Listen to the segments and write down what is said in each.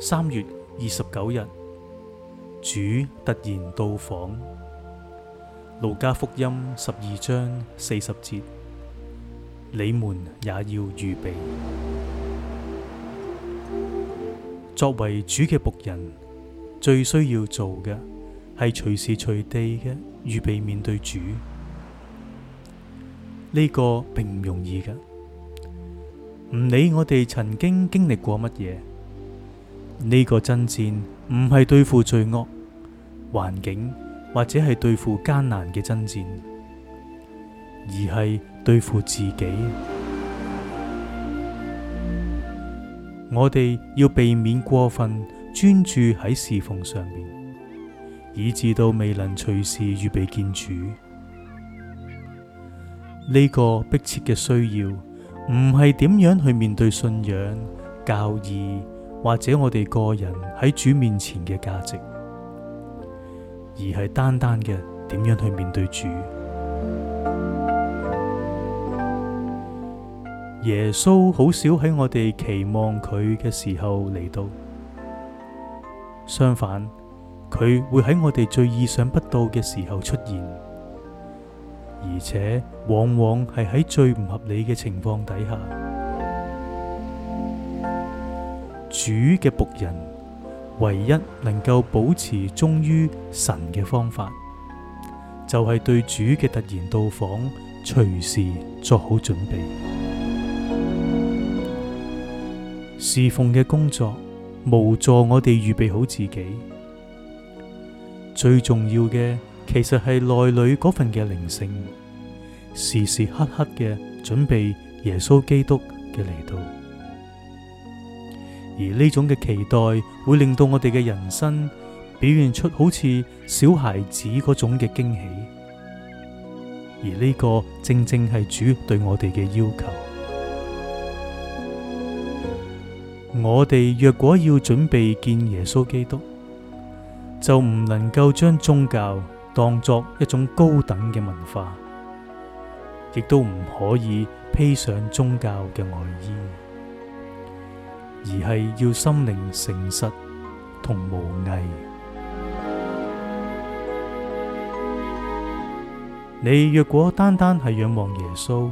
三月二十九日，主突然到訪《路加福音》十二章四十節，你們也要預備。作為主嘅僕人，最需要做嘅係隨時隨地嘅預備，面對主呢、這個並唔容易嘅。唔理我哋曾經經歷過乜嘢。呢個爭戰唔係對付罪惡環境，或者係對付艱難嘅爭戰，而係對付自己。我哋要避免過分專注喺侍奉上面，以致到未能隨時預備見主。呢、這個迫切嘅需要，唔係點樣去面對信仰教義。或者我哋個人喺主面前嘅價值，而係單單嘅點樣去面對主。耶穌好少喺我哋期望佢嘅時候嚟到，相反，佢會喺我哋最意想不到嘅時候出現，而且往往係喺最唔合理嘅情況底下。主嘅僕人，唯一能夠保持忠於神嘅方法，就係、是、對主嘅突然到訪隨時做好準備。侍奉嘅工作，無助我哋預備好自己。最重要嘅，其實係內裏嗰份嘅靈性，時時刻刻嘅準備耶穌基督嘅嚟到。而呢種嘅期待會令到我哋嘅人生表現出好似小孩子嗰種嘅驚喜，而呢個正正係主對我哋嘅要求。我哋若果要準備見耶穌基督，就唔能夠將宗教當作一種高等嘅文化，亦都唔可以披上宗教嘅外衣。而係要心靈誠實同無偽。你若果單單係仰望耶穌，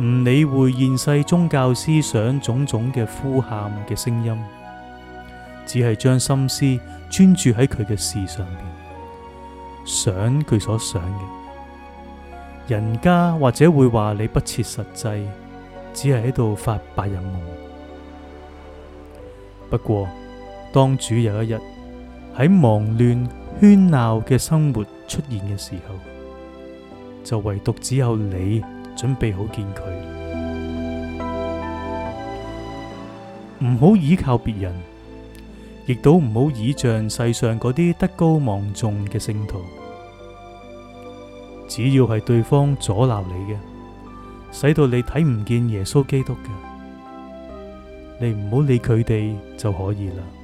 唔理會現世宗教思想種種嘅呼喊嘅聲音，只係將心思專注喺佢嘅事上邊，想佢所想嘅。人家或者會話你不切實際，只係喺度發白日夢。不過，當主有一日喺忙亂喧鬧嘅生活出現嘅時候，就唯獨只有你準備好見佢。唔好依靠別人，亦都唔好倚仗世上嗰啲德高望重嘅聖徒。只要係對方阻撓你嘅，使到你睇唔見耶穌基督嘅。你唔好理佢哋就可以啦。